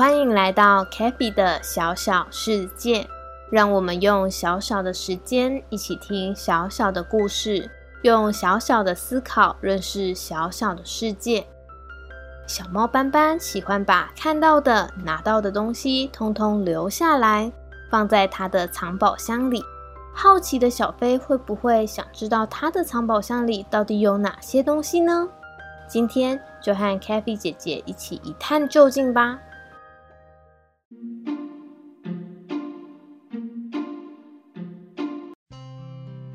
歡迎來到 CaFi 的小小世界，讓我們用小小的時間一起聽小小的故事，用小小的思考認識小小的世界。小貓斑斑喜歡把看到的、拿到的東西通通留下來，放在他的藏寶箱裡。好奇的小菲會不會想知道她的藏寶箱裡到底有哪些東西呢？今天就和 CaFi 姐姐一起一探究竟吧。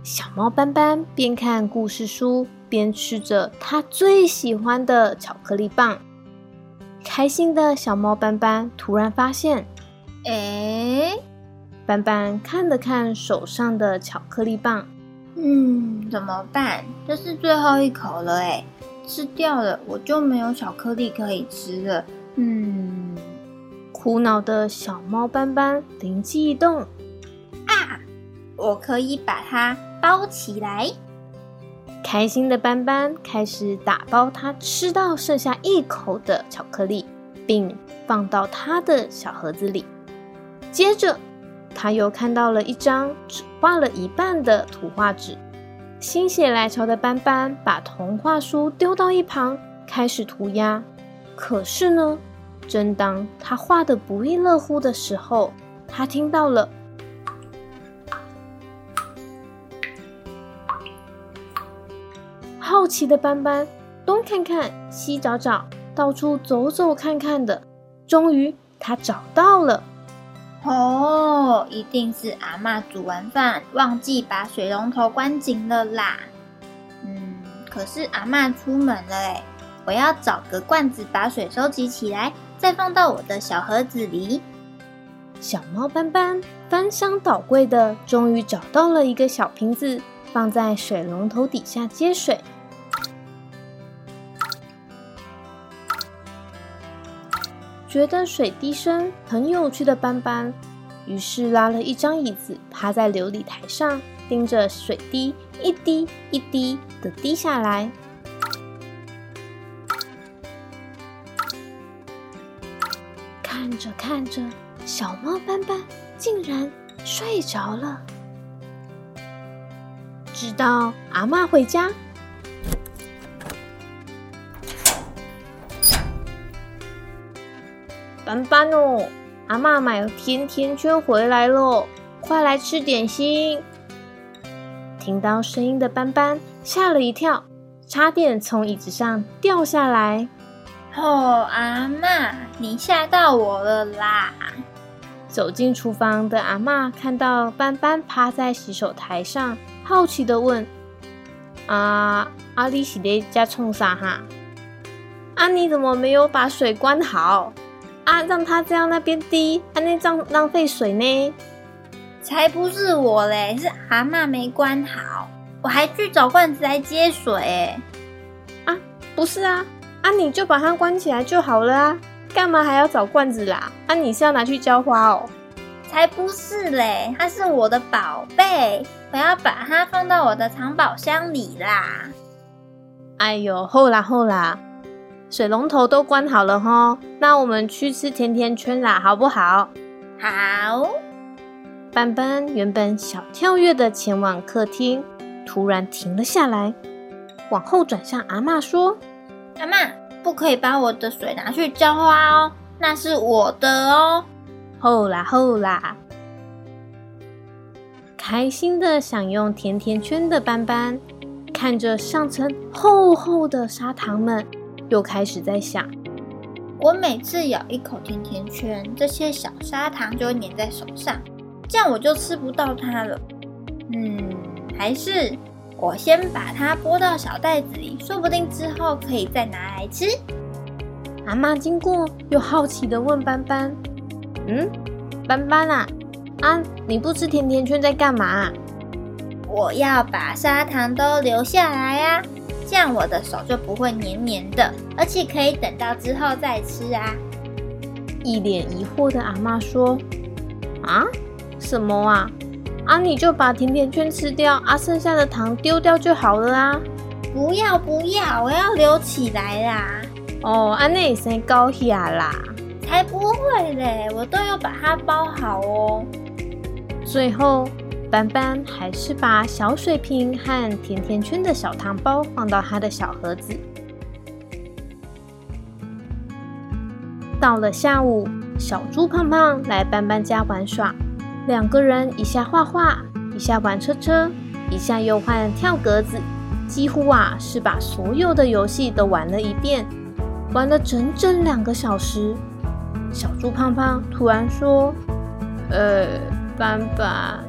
小貓斑斑邊看故事書邊吃着它最喜歡的巧克力棒，開心的小貓斑斑突然發現，哎、欸，斑斑看了看手上的巧克力棒，嗯，怎麼辦？這是最後一口了，哎，吃掉了我就沒有巧克力可以吃了，嗯，苦惱的小貓斑斑靈機一動，啊，我可以把它。包起來，開心的斑斑開始打包他吃到剩下一口的巧克力，並放到他的小盒子裡。接着，他又看到了一張只畫了一半的圖畫紙，心血來潮的斑斑把童話書丟到一旁，開始塗鴉。可是呢，正當他畫得不亦樂乎的時候，他聽到了。好奇的斑斑東看看西找找，到處走走看看的，終於他找到了。哦，一定是阿嬤煮完飯忘記把水龍頭關緊了啦。嗯，可是阿嬤出門了欸，我要找個罐子把水收集起來，再放到我的小盒子裡。小貓斑斑翻箱倒櫃的，終於找到了一個小瓶子，放在水龍頭底下接水。覺得水滴聲很有趣的斑斑，於是拉了一張椅子，趴在流理臺上，盯着水滴一滴一滴的滴下來。看着看着，小貓斑斑竟然睡着了，直到阿嬤回家。斑斑哦，阿媽買甜甜圈回來嘍，快來吃點心。聽到聲音的斑斑嚇了一跳，差點從椅子上掉下來。哦，阿媽，你嚇到我了啦！走進廚房的阿媽看到斑斑趴在洗手台上，好奇的問：“啊，阿、啊、里洗的在沖啥哈？阿、啊、你怎麼沒有把水關好？”啊，讓它這樣那邊滴，它那張浪費水呢？才不是我嘞，是蛤蟆沒關好，我還去找罐子來接水。啊，不是啊，啊，你就把它關起來就好了啊，幹嘛還要找罐子啦？啊，你是要拿去澆花哦？才不是嘞，它是我的寶貝，我要把它放到我的藏寶箱裡啦。哎呦，好啦好啦。好啦水龍頭都關好了吼，那我們去吃甜甜圈啦，好不好？好。斑斑原本小跳躍的前往客廳，突然停了下來，往後轉向阿嬤說：“阿嬤，不可以把我的水拿去澆花哦，那是我的哦。”好啦好啦。開心的享用甜甜圈的斑斑，看着上層厚厚的砂糖們。又開始在想，我每次咬一口甜甜圈，這些小砂糖就會粘在手上，這樣我就吃不到它了。嗯，還是我先把它撥到小袋子裡，說不定之後可以再拿來吃。阿媽經過，又好奇地問斑斑：“嗯，斑斑啊，啊，你不吃甜甜圈在幹嘛啊？我要把砂糖都留下來呀啊。”這樣我的手就不會黏黏的，而且可以等到之後再吃啊！一臉疑惑的阿媽說：“啊，什麼啊？阿、啊、你就把甜甜圈吃掉啊，剩下的糖丟掉就好了啦、啊！不要不要，我要留起來啦！哦，啊，那你先高興啦，才不會嘞，我都要把它包好哦。最後。”斑斑還是把小水瓶和甜甜圈的小糖包放到他的小盒子。到了下午，小豬胖胖來斑斑家玩耍，兩個人一下畫畫，一下玩車車，一下又換跳格子，幾乎啊是把所有的遊戲都玩了一遍，玩了整整兩個小時。小豬胖胖突然說：“呃，斑斑。”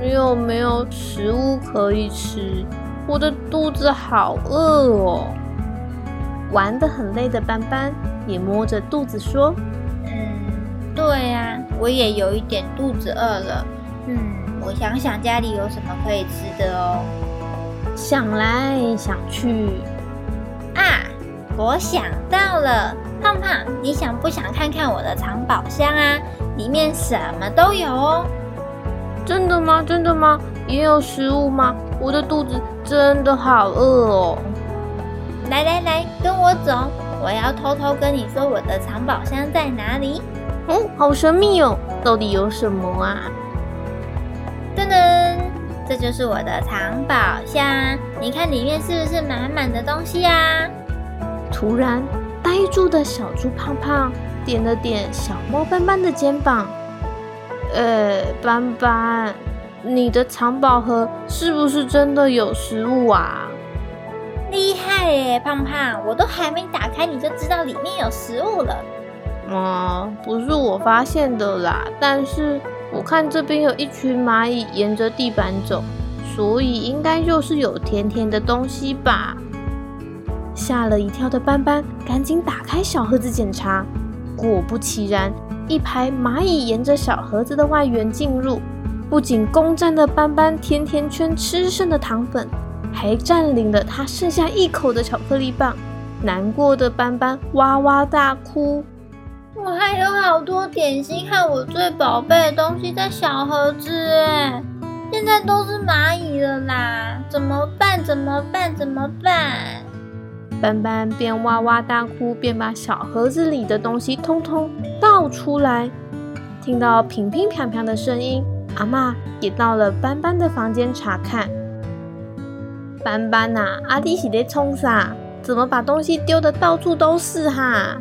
你有沒有食物可以吃？我的肚子好餓哦！玩得很累的斑斑也摸着肚子說：“嗯，對呀、啊，我也有一點肚子餓了。嗯，我想想家裡有什麼可以吃的哦。想來想去啊，我想到了，胖胖，你想不想看看我的藏寶箱啊？裡面什麼都有哦。”真的嗎？真的嗎？也有食物嗎？我的肚子真的好餓哦！來來來，跟我走，我要偷偷跟你說我的藏寶箱在哪裡。哦，好神秘哦，到底有什麼啊？噔噔，這就是我的藏寶箱，你看裡面是不是滿滿的東西啊？突然，呆住的小豬胖胖點了點小貓斑斑的肩膀。呃、欸，斑斑，你的藏寶盒是不是真的有食物啊？厲害誒，胖胖，我都還沒打開，你就知道裡面有食物了。哦，不是我發現的啦，但是我看這邊有一群螞蟻沿着地板走，所以應該就是有甜甜的東西吧。嚇了一跳的斑斑趕緊打開小盒子檢查，果不其然，一排螞蟻沿着小盒子的外緣進入，不僅攻佔了斑斑甜甜圈吃剩的糖粉，還佔領了他剩下一口的巧克力棒。難過的斑斑哇哇大哭：“我還有好多點心和我最寶貝的東西在小盒子，哎，現在都是螞蟻了啦！怎麼辦？怎麼辦？怎麼辦？”斑斑邊哇哇大哭，邊把小盒子裡的東西通通倒出來。聽到乒乒乓乓的聲音，阿媽也到了斑斑的房間查看。斑斑吶、啊，阿、啊、弟是在衝啥？怎麼把東西丟得到處都是哈？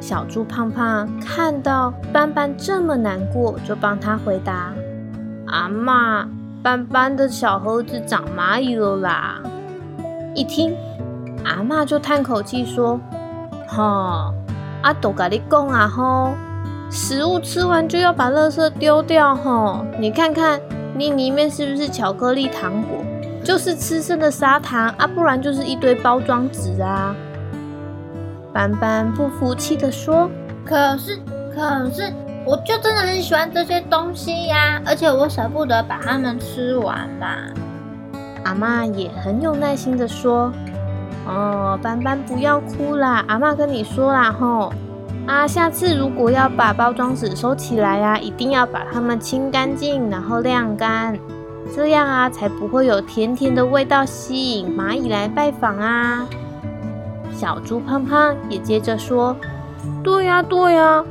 小豬胖胖看到斑斑這麼難過，就幫他回答：「阿、啊、媽，斑斑的小盒子長螞蟻了啦！」一聽。阿媽就嘆口氣說：“哈、哦，阿豆，跟你講啊，吼，食物吃完就要把垃圾丟掉吼。你看看你裡面是不是巧克力糖果？就是吃剩的砂糖啊，不然就是一堆包裝紙啊。”斑斑不服氣的說：“可是，可是，我就真的很喜歡這些東西呀、啊，而且我捨不得把它們吃完嘛。”阿媽也很有耐心的說，哦，斑斑不要哭啦！阿媽跟你說啦吼，吼啊，下次如果要把包裝紙收起來呀、啊，一定要把它們清乾淨，然後晾乾，這樣啊才不會有甜甜的味道吸引螞蟻來拜訪啊。小豬胖胖也接着說：“對呀、啊，對呀、啊，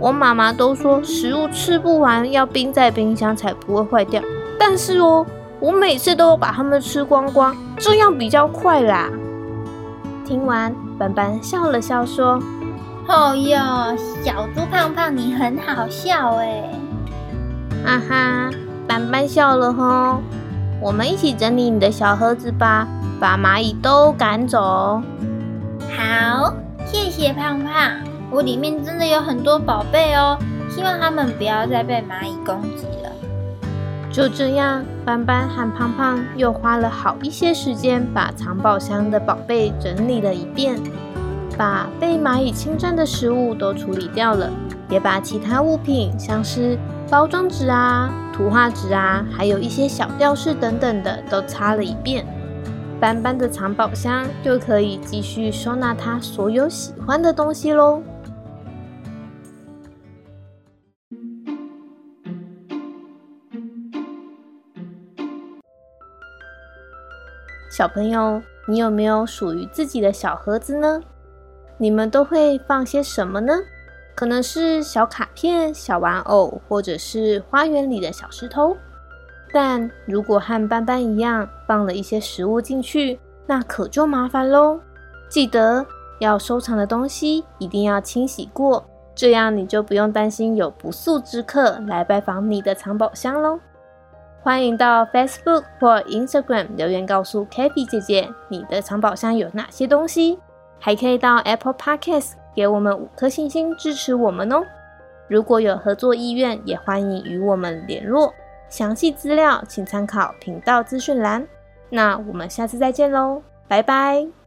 我媽媽都說食物吃不完要冰在冰箱才不會壞掉，但是哦，我每次都要把它們吃光光，這樣比較快啦。”聽完，斑斑笑了笑說：“哦喲，小豬胖胖，你很好笑哎！哈、啊、哈，斑斑笑了吼。我們一起整理你的小盒子吧，把螞蟻都趕走。好，謝謝胖胖，我裡面真的有很多寶貝哦，希望它們不要再被螞蟻攻擊。”就這樣，斑斑和胖胖又花了好一些時間，把藏寶箱的寶貝整理了一遍，把被螞蟻侵佔的食物都處理掉了，也把其他物品，像是包裝紙啊、圖畫紙啊，還有一些小吊飾等等的，都擦了一遍。斑斑的藏寶箱就可以繼續收納他所有喜歡的東西嘍。小朋友，你有沒有屬於自己的小盒子呢？你們都會放些什麼呢？可能是小卡片、小玩偶，或者是花園裡的小石頭。但如果和斑斑一樣放了一些食物進去，那可就麻煩嘍。記得要收藏的東西一定要清洗過，這樣你就不用擔心有不速之客來拜訪你的藏寶箱嘍。歡迎到 Facebook 或 Instagram 留言告訴 CaFi 姐姐，你的藏寶箱有哪些東西，還可以到 Apple Podcast 給我們五顆星星支持我們哦。如果有合作意願，也歡迎與我們聯絡，詳細資料請參考頻道資訊欄。那我們下次再見嘍，拜拜。